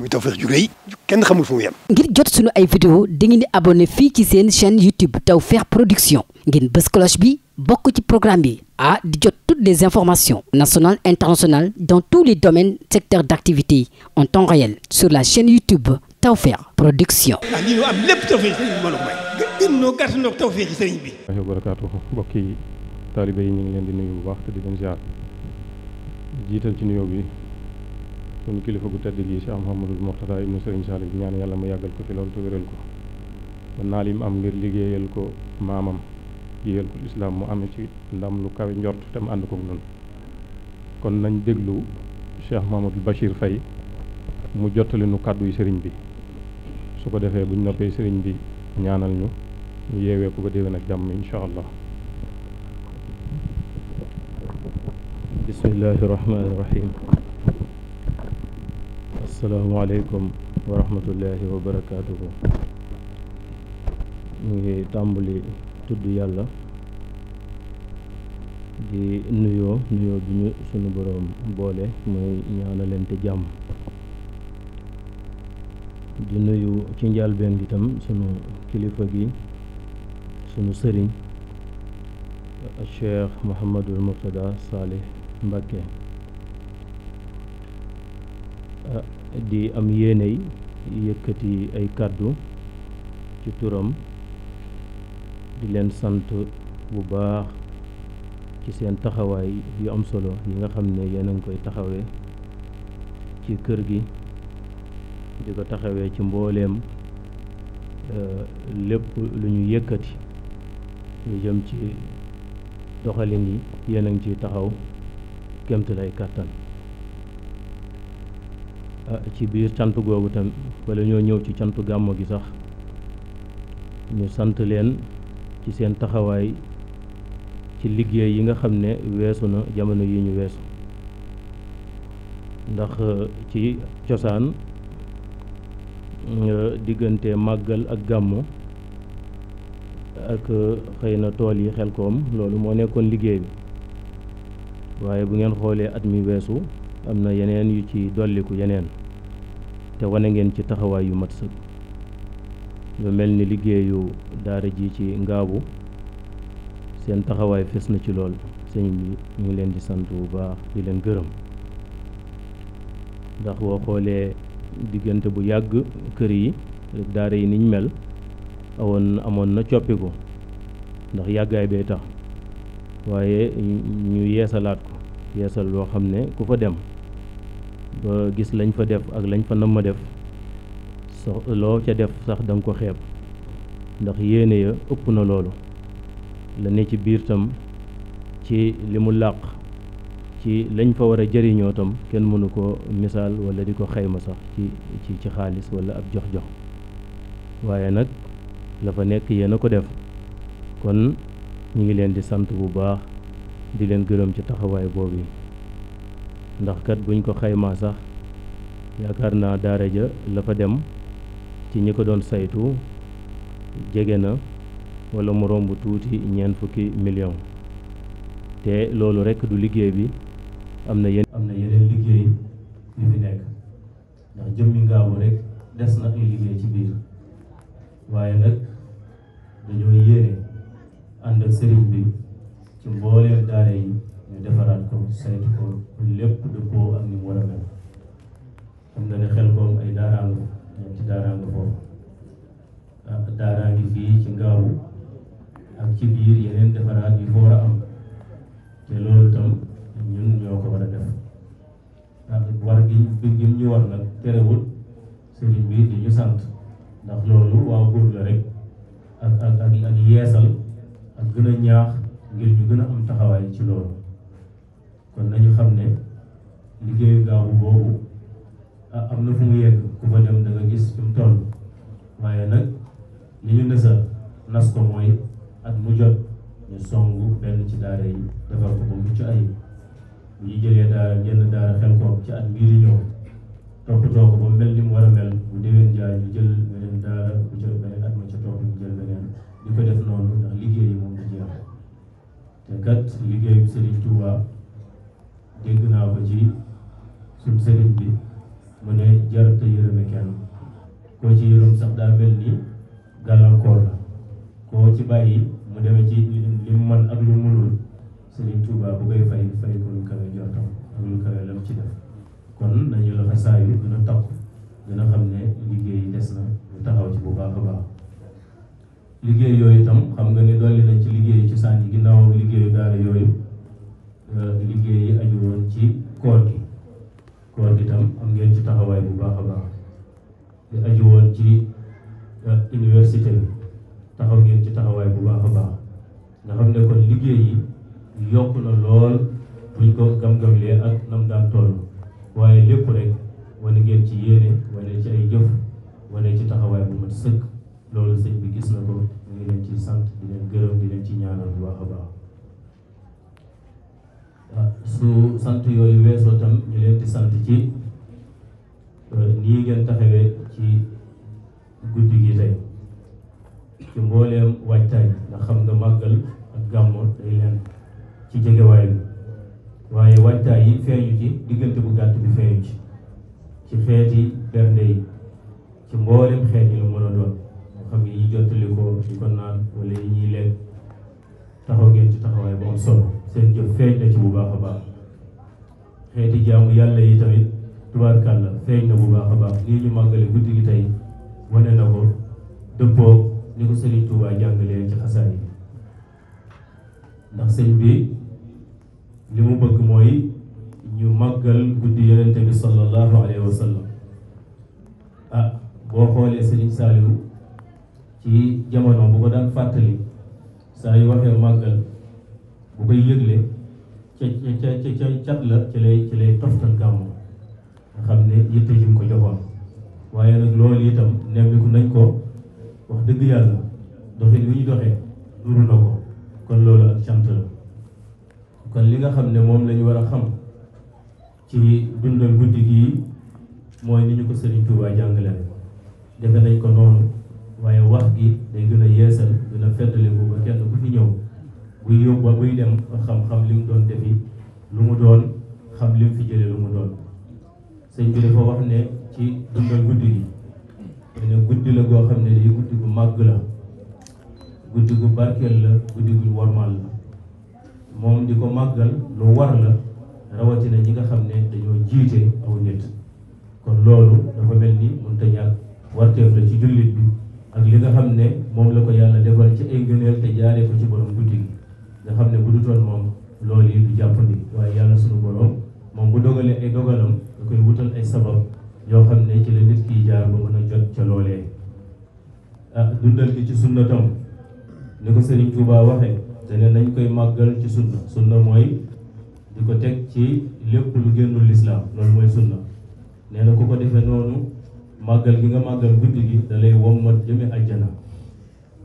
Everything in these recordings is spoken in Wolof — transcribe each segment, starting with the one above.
muy Tawfekh ju rëy kenn xamul fu mu yem. ngir jot sunu ay vidéo dangeen di abonné fii ci seen chaîne YouTube Tawfekh Production ngeen bës cloche bi bokk ci programme bi ah di jot toutes les informations nationales internationales dans tous les domaines secteurs d'activité en temps réel sur la chaîne YouTube Tawfekh Production. ah lii ñu am lépp Tawfekh sëriñ bi mën a may. gën noo gàtt noo yi taalibe yi ñu ngi leen di nuyu bu di leen ziar jiital ci nuyoo bi. ñun kilifa gu tedd gi Cheikh Mouhamadul Mourtada ibnu Serigne Saliou di ñaan yàlla mu yàggal ko fi loolu te wéral ko ba naal yi am ngir liggéeyal ko maamam liggéeyal ko lislaam mu amee ci ndam lu kawe njort te mu ànd ko noonu kon nañ déglu Cheikh Mouhamadul Bachir Faye mu jottali nu kàddu sëriñ bi su ko defee buñ noppee sëriñ bi ñaanal ñu ñu yeewee ko ba déwén ak jàmm incha allah bismillahi asalaamaaleykum wa rahmatullahi wa barakaatuhu ñu ngi tàmbali tudd yàlla di nuyoo nuyoo bi ñu sunu boroom boole muy ñaanalante jàmm di nuyu ci njàlbeen gi tam sunu kilifa gi sunu sëriñ Cheikh Mouhamadul Mourtada Salih Mbacké di am yéeney yëkkati ay kàddu ci turam di leen sant bu baax ci seen taxawaay yu am solo yi nga xam ne yéen a ngi koy taxawee ci kër gi di ko taxawee ci mbooleem euh, lépp lu ñu yëkkati lu jëm ci doxalin yi yéen a ngi ciy taxaw kémtu lay kàttan ci biir cant googu tam wala ñoo ñëw ci cantu gàmmo gi sax ñu sant leen ci seen taxawaay ci liggéey yi nga xam ne weesu na jamono yi ñu weesu ndax euh, ci cosaan euh, diggante màggal ak gàmmo ak euh, xëy na tool yi koom loolu moo nekkoon liggéey bi waaye bu ngeen xoolee at mi weesu am na yeneen yu ci dolliku yeneen te wane ngeen ci taxawaay yu mat sëg lu mel ni liggéeyu daara ji ci ngaabu seen taxawaay fes na ci lool sëñ bi ñu leen di sant bu baax di leen gërëm ndax boo xoolee diggante bu yàgg kër yi daara yi niñ mel awoon amoon na coppiku ndax yàggaay bee tax waaye ñu yeesalaat ko yeesal loo xam ne ku fa dem ba gis lañ fa def ak lañ fa nam def so ca def sax da ko xeeb ndax yéene ya ëpp na loolu la ne ci biir tam ci li mu làq ci lañ fa war a jëriñoo tam kenn mënu ko misaal wala di ko xayma sax ci ci xaalis wala ab jox-jox waaye nag la fa nekk yéen a ko def kon ñu ngi leen di sant bu baax di leen gërëm ci taxawaay boobu yi ndax kat buñ ko xaymaa sax yaakaar na daara ja la fa dem ci ñi ko doon saytu jege na wala moroom bu tuuti ñeent fukki million te loolu rekk du liggéey bi am na yenn xam na ne xel koom ay daaraangu ci daaraangu foofu daaraangi fii ci ngaawu ak ci biir yeneen defaraat yu fa war a am te loolu tam ñun ñoo ko war a def war gi bi ñu war nag terewul sëriñ bi di ñu sant ndax loolu waaw góor la rek ak ak ak yeesal ak gën a ñaax ngir ñu gën a am taxawaay ci loolu kon nañu xam ne liggéeyu gaawu boobu Ah, am na fu mu yegg ku fa dem da nga gis fi mu toll waaye nag li ñu nësa nas ko mooy at mu jot ñu songu benn ci daara yi defar ko ba mucc ayib bu ñu jëlee daara génn daara xel ko ci at bii di ñëw ni a mel bu jël beneen daara bu ko def noonu ndax liggéey yi moom du jeex te kat liggéeyu Serigne Touba dégg naa ko ci suñ Serigne bi. mu ne jarut a yërëme kenn koo ci yërëm sax daa mel ni gàllankoor la koo ci bàyyi mu demee ci li mu man ak lu mënul Sëriñ Tuubaa bu koy fay fay ko lu kawe jortam ak lu kawe lam ci def kon nañu la xasaayu gën a takk gën xam ne liggéey des na lu taxaw ci bu baax a baax liggéey yooyu itam xam nga ne dolli nañ ci liggéey ci sànni ginnaaw liggéeyu daara yooyu liggéey yi aju woon ci koor gi koor gi am ngeen ci taxawaay bu baax a baax li aju woon ci eh, université taxaw ngeen ci taxawaay bu baax a baax nga ne kon liggéey yi yokk na lool buñ ko gam-gamlee ak nam daan toll waaye lépp rek wane ngeen ci yéene wane ci ay jëf wane ci taxawaay bu mat sëkk loolu sëñ bi gis na ko ñu ngi leen ci sant di leen gërëm di leen ci ñaanal bu baax a baax su sant yooyu weesoo tam ñu leen di sant ci euh, nii ngeen taxawee ci guddi gi tey ci mbooleem waajtaay nga xam nga màggal ak gàmmoo day leen ci jegewaay bi waaye waajtaay yi feeñu ci diggante bu gàtt bi feeñu ci ci xeeti bernde yi ci mbooleem xeet yi la mën a doon baax a baax xeeti yàlla yi tamit bu baax a baax lii ñu màggale guddi gi tey wane na ko dëppoo ni ko Serigne ndax sëñ bi li mu bëgg mooy ñu màggal guddi yonent bi sallallahu alayhi wa ah boo xoolee Serigne Saliou ci jamono bu ko daan fàttali saa yu waxee màggal bu koy yëgle ca ca ca ca cat la ci lay ci lay toftal gàmmu nga xam ne yitte ji mu ko joxoon waaye nag loolu itam nemmiku nañ ko wax dëgg yàlla doxin wi ñu doxee nuru na ko kon loolu ak cant la kon li nga xam ne moom lañu war a xam ci dundal guddi gii mooy ni ñu ko Sëriñ Tuubaa jàngale defe nañ ko noonu waaye wax gi day gën a yeesal gën a feddaliku ba kenn ku fi ñëw buy yóbbu buy dem xam-xam li mu doon sëñ bi dafa wax ne ci dundal guddi gi ne guddi la goo xam ne lii guddi gu màgg la guddi gu barkeel la guddi gu warmal la moom di ko màggal lu war la rawatina ñi nga xam ne dañoo jiite aw nit kon loolu dafa mel ni mënta ñàkk warteef la ci jullit bi ak li nga xam ne moom la ko yàlla defal ci ay ngëneel te jaaree ko ci borom guddi gi nga xam ne bu dutoon moom loolu yi du jàppandi waaye yàlla sunu borom moom bu dogalee ay dogalam koy wutal ay sabab yoo xam ne ci la nit kiy jaar ba mën a jot ca loolee ah, dundal gi ci sunna tam ni ko Sëriñ Tuubaa waxee te ne nañ koy màggal ci sunna sunna mooy di ko teg ci lépp lu génnul lislaam loolu mooy sunna nee na ko ko defee noonu màggal gi nga màggal guddi gi da lay wommat jëme àjjana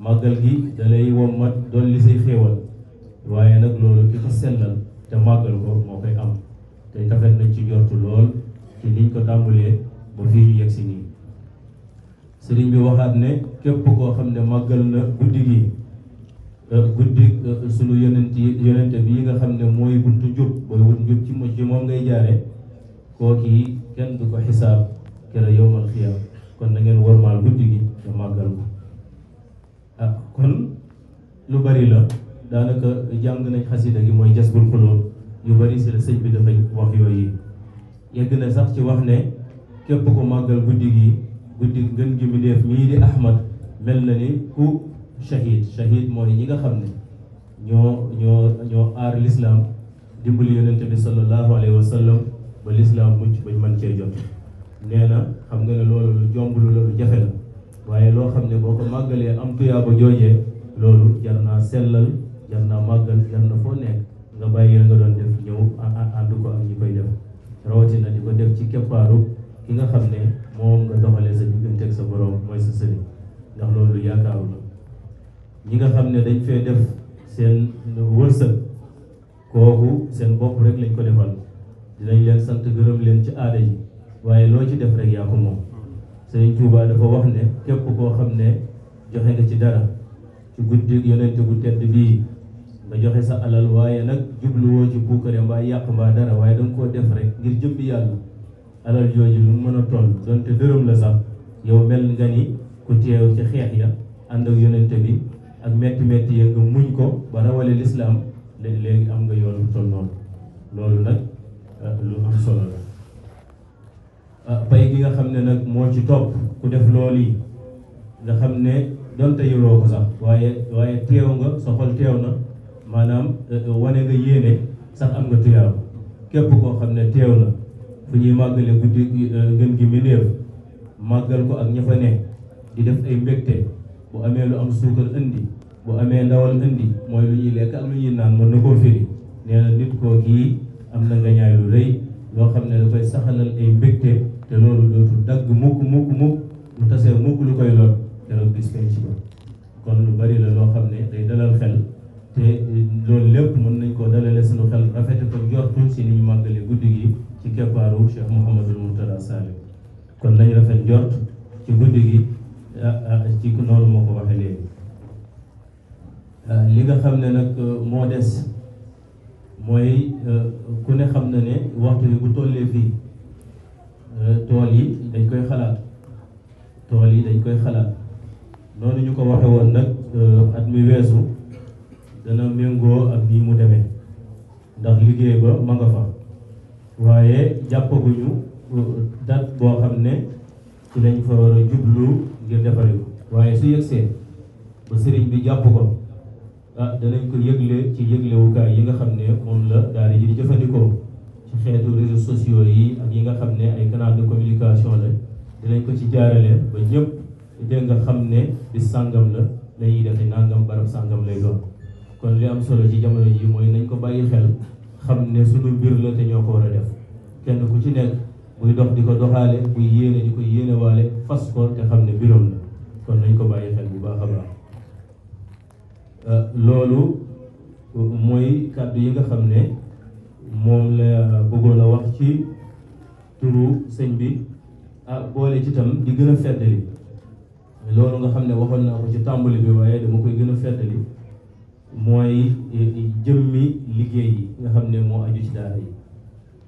màggal gi da lay wommat doon li say waaye nag loolu ki ko sellal te màggal ko moo koy am te tafet nañ ci jortu lool ci niñ ko tàmbalee ba fii ñu si nii sëriñ bi waxaat ne képp koo xam ne màggal na guddi gi euh, guddi euh, sunu yonent yonente bi nga xam ne mooy buntu njub booy wut ci mo ngay jaare kooki kenn du ko xisaab kera yowmal xiyaam kon na ngeen warmaal guddi gi te màggal ko ah, kon lu bari la daanaka jàng nañ xasida gi mooy jasbul xulóob yu bari si la sëñ bi dafay wax yooyu yegg na sax ci wax ne képp ko màggal guddi gi guddi ngën gi mu def mii di Ahmad mel na ni ku shahid shahid mooy ñi nga xam ne ñoo ñoo ñoo aar lislaam dimbali yonent bi sallallahu alayhi wa sallam ba lislaam mucc bañ mën cee jot nee na xam nga ne loolu jomb lu la lu jafe la waaye loo xam ne boo ko màggalee am tuyaaba joojee loolu jar naa sellal jar naa màggal jar na foo nekk nga bàyyi la nga doon def ñëw ànd ko ak ñi koy def rawatina di ko def ci keppaaru ki nga xam ne moom nga doxalee sa diggante ak sa borom mooy sa sëriñ ndax loolu yaakaaru la ñi nga xam ne dañ fee def seen wërsëg kooku seen bopp rek lañ ko defal dinañ leen sant gërëm leen ci aada yi waaye loo ci def rek yaa ko moom sëriñ Tuubaa dafa wax ne képp koo xam ne joxe nga ci dara ci guddi yonent gu tedd bii nga joxe sa alal waaye nag jubluwoo ci puukare mbaa yàq mbaa dara waaye danga koo def rek ngir jëmb yàlla alal jooju lu mën a toll donte dërëm la sax yow mel nga ni ku teew ci xeex ya ànd ak yonente bi ak metti metti ya nga muñ ko ba rawale lislaam léegi am nga yoon bu toll noonu loolu nag ah, lu am solo la bay ah, gi nga xam ne nag moo ci topp ku def loolu yi nga xam ne donte yoroo ko sax waaye waaye teew nga sa xol teew na maanaam euh, euh, wane nga yéene sax am nga tuyaaba képp koo xam ne teew na fu ñuy màggale guddi euh, ngën gi mbindéef màggal ko ak ña fa ne di def ay mbégte bu amee lu am suukar indi bu amee ndawal indi mooy lu ñuy lekk am lu ñuy naan mën na koo firi nee na nit koo kii am na nga ñaay lu rëy loo xam ne dafay saxalal ay mbégte te loolu dagg mukk mukk mukk lu tasee mukk lu koy lor te gis kañ ci ba kon lu bari la loo xam ne day dalal xel màggali guddi gi ci keppaaru Cheikh Mouhamadul Mourtada Sall kon nañ rafet njort ci guddi gi ah, ah, ci noonu moo ko waxee léegi ah, li nga xam ne nag euh, moo des mooy euh, ku ne xam na ne waxtu yi bu tollee fii euh, tool yi dañ koy xalaat tool yi dañ koy xalaat noonu ñu ko waxe woon nag at mi weesu dana méngoo ak nii mu demee ndax liggéey ba ma nga fa waaye jàppaguñu date boo xam ne ci lañ fa war a jublu ngir defare ko waaye su yëgsee ba sëriñ bi jàpp ko ah danañ ko yëgle ci yëglewukaay yi nga xam ne moom la daara yi di jëfandikoo ci xeetu réseaux sociaux yi ak yi nga xam ne ay canal de communication la dinañ ko ci jaarale ba ñëpp dégg nga xam ne di sàngam la lañuy def ni nangam barab sàngam lay doon kon li am solo ci jamono ji mooy nañ ko bàyyi xel xam ne sunu mbir la te ñoo ko war a def kenn ku ci nekk muy dox di ko doxaale muy yéene di ko yéenewaale fas ko te xam ne mbiram la kon nañ ko bàyyi xel bu baax a baax euh, loolu mooy kàddu yi nga xam ne moom la bëggoon a wax ci turu sëñ bi ah boole ci tam di gën a feddali loolu nga xam ne waxoon naa ko ci tàmbali bi waaye dama koy gën a feddali mooy eh, eh, jëmmi liggéey yi nga xam ne moo aju ci daara yi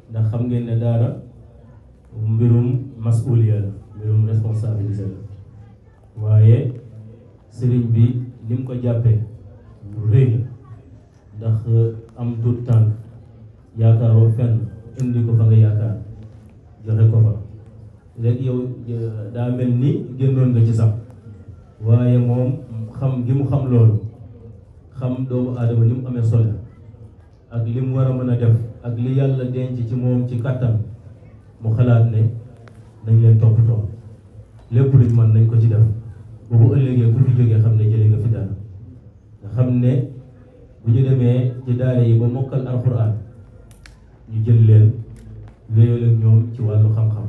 ndax xam ngeen ne daal mbirum masuliya la mbirum responsabilité la waaye sëriñ bi ni mu ko jàppee lu rëy ndax eh, am tuut tànk yaakaaroo fenn indi ko fa nga yaakaar joxe ko fa léegi yow daa mel ni génnoon nga ci sax waaye moom xam gi mu xam loolu xam doomu aadama ni mu amee solo ak li mu war a mën a def ak li yàlla denc ci moom ci kàttan mu xalaat ne dañ leen toppatoo lépp luñ mën nañ ko ci def boobu ëllëgee ku fi jógee xam ne jële nga fi dara nga xam ne bu ñu demee ci daara yi ba mokkal alxuraan ñu jël leen wéyal ak ñoom ci wàllu xam-xam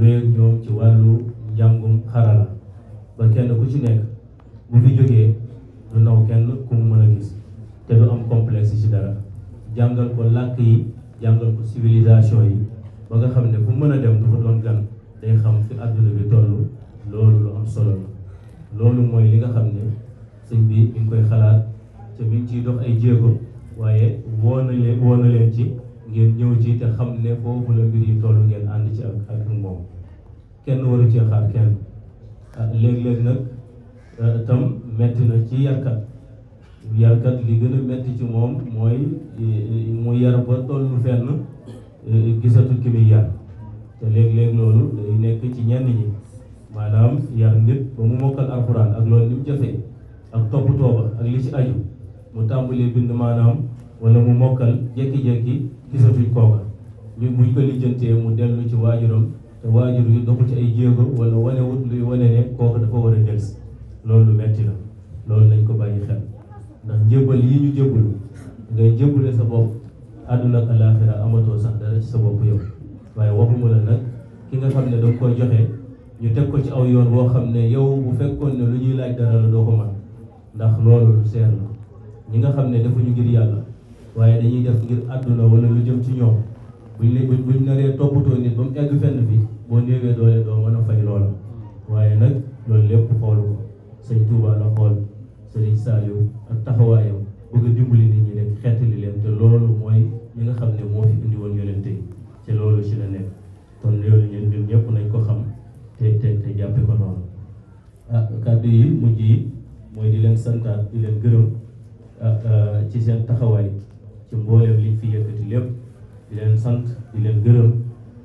wéyal ak ñoom ci wàllu njàngum xarala ba kenn ku ci nekk bu fi jógee du naw kenn ku mu mën a gis te du am complexe ci dara jàngal ko làkk yi jàngal ko civilisation yi ba nga xam ne bu mën a dem du fa doon gan day xam fi àdduna bi toll loolu lu am solo la loolu mooy li nga xam ne sëñ bi mi koy xalaat te mi ngi ciy dox ay jéego waaye woo na leen na leen ci ngeen ñëw ci te xam ne foofu la mbir yi toll ngeen ànd ci ak ak moom kenn waru ci xaar kenn ah, léeg-léeg nag ah, tam metti na ci yarkat yarkat li gën a metti ci moom mooy eh, mu yar ba tollu fenn eh, gisatu ki muy yar te léeg-léeg loolu day nekk ci ñenn ñi maanaam yar nit ba mu mokkal alxuraan ak loolu ni jafe jafee ak toppatoo ba ak li ci aju mu tàmbalee bind maanaam wala mu mokkal jékki-jékki gisatuñ kooka ñu buñ ko lijjantee mu dellu ci waajuram te waajur yi doxu ci ay jéego wala wanewut luy wane kooka dafa war a delsi loolu metti la loolu nañ ko bàyyi xel ndax njëbal yi ñu jëbalu ngay jëbale sa bopp àdduna ak alaaxira amatoo sax dara ci sa bopp yow waaye waxuma nag ki nga xam ne danga koy joxe ñu teg ko ci aw yoon boo xam ne yow bu fekkoon ne lu ñuy laaj dara la doo ndax loolu lu ñi nga xam ne defuñu ngir yàlla waaye dañuy def ngir àdduna wala lu jëm ci ñoom buñ ne buñ naree toppatoo nit ba mu egg fenn fi boo néewee doole doo mën a fay loola waaye nag loolu lépp xoolu sëñ Touba la xool sëriñ Saliou ak taxawaayam bëgg a dimbali nit ñi rek xeetali leen te loolu mooy li nga xam ne moo fi indi woon yonente yi te loolu ci la nekk kon loolu ñun ñun ñëpp nañ ko xam te te te jàppe ko noonu ah kàddu yi mujj yi mooy di leen santaat di leen gërëm ah, ah, ci seen taxawaay ci mbooleem liñ fi yëkkati lépp di sant di leen gërëm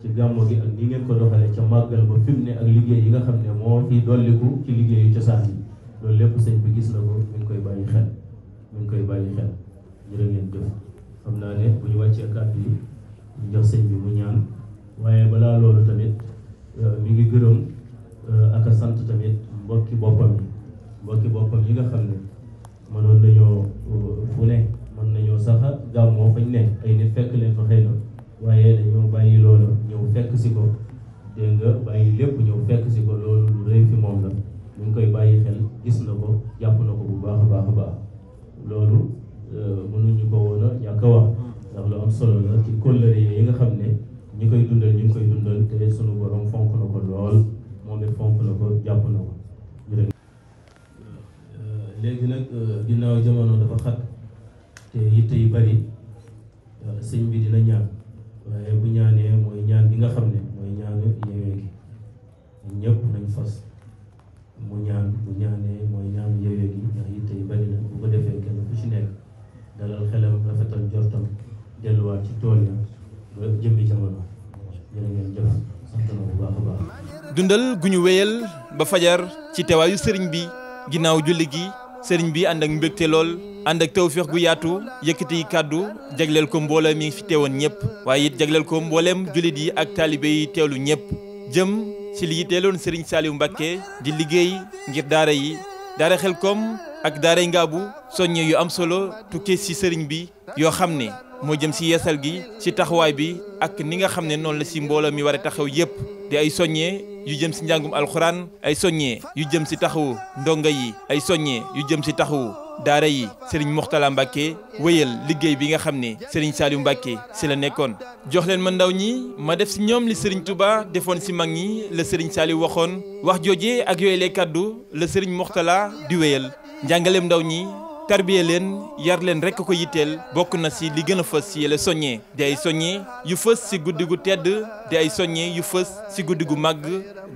ci gàmmo gi ak ñi ngeen ko doxale ca màggal ba fi mu ne ak liggéey yi nga xam ne moo fi dolliku ci liggéeyu cosaan yi loolu lépp sëñ bi gis na ko mi koy bàññi xel mi koy bàyyi xel jërë ngeen jëf xam naa ne bu ñu wàccee kàddu yi ñu jox bi mu ñaan waaye balaa loolu tamit euh, mi ngi gërëm euh, ak sant tamit mbokki boppam yi mbokki boppam yi nga xam ne mënoon nañoo euh, fu ne mën nañoo sax gàmmoo fañ ne ay ñi koy dundal wéyal ba fajar ci teewaayu sëriñ bi ginnaaw julli gi sëriñ bi ànd ak mbégte lool ànd ak tawféex gu yaatu yëkkati kàddu jagleel ko mboolem mi fi woon ñëpp waaye it jagleel ko mbooleem jullit yi ak taalibe yi teewlu ñëpp jëm ci li yiteeloon sëriñ Saliou Mbacké di liggéey ngir daara yi daara Xelkom ak daara Ngabou soññe yu am solo tukkee ci sëriñ bi yoo xam ne moo jëm si yeesal gi ci taxawaay bi ak ni nga xam ne noonu la si mbooloo mi war a taxaw yépp di ay soññee yu jëm si njàngum alxuraan ay soññee yu jëm si taxawu ndonga yi ay soññee yu jëm si taxawu daara yi Serigne Mourtala Mbacke wéyal liggéey bi nga xam ne Serigne Saliou Mbacke si la nekkoon jox leen ma ndaw ñi ma def si ñoom li Serigne Touba defoon si mag ñi la Serigne Saliou waxoon wax joojee ak yooyu lay kaddu la Serigne Mourtala di wéyal njàngaleem ndaw ñi. tarbiye leen yar leen rek ko yitteel bokk na si li gën a fës si yële soññee di ay soññee yu fës si guddi gu tedd di ay soññee yu fës si guddi gu màgg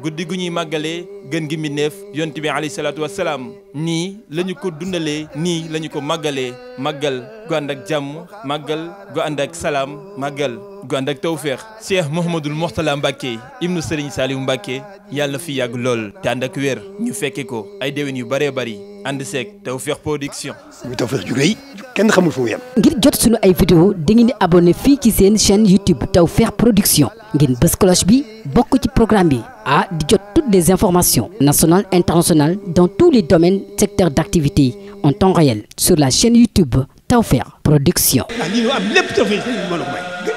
guddi gu ñuy màggalee gën gi mbindeef yonent bi alayhi salaatu wasalaam nii lañu ko dundalee nii lañu ko màggalee màggal gu ànd ak jàmm màggal gu ànd ak salaam màggal gu ànd ak tawféex Cheikh Mouhamadul Mourtala Mbacke ibnu Serigne Saliou Mbacke yàlla fi yàgg lool te ànd ak wér ñu fekke ko ay déwén yu bëree bëri ànd seeg tawféex production. muy tawféex kenn xamul fu mu yem. ngir jot sunu ay vidéo dangeen di abonné fii ci seen chaîne YouTube tawféex production ngeen bës cloche bi bokk ci programme bi ah di jot toutes les informations nationales internationales dans tous les domaines secteurs d'activité en temps réel sur la chaîne YouTube tawféex production. Ah, am lépp tawféex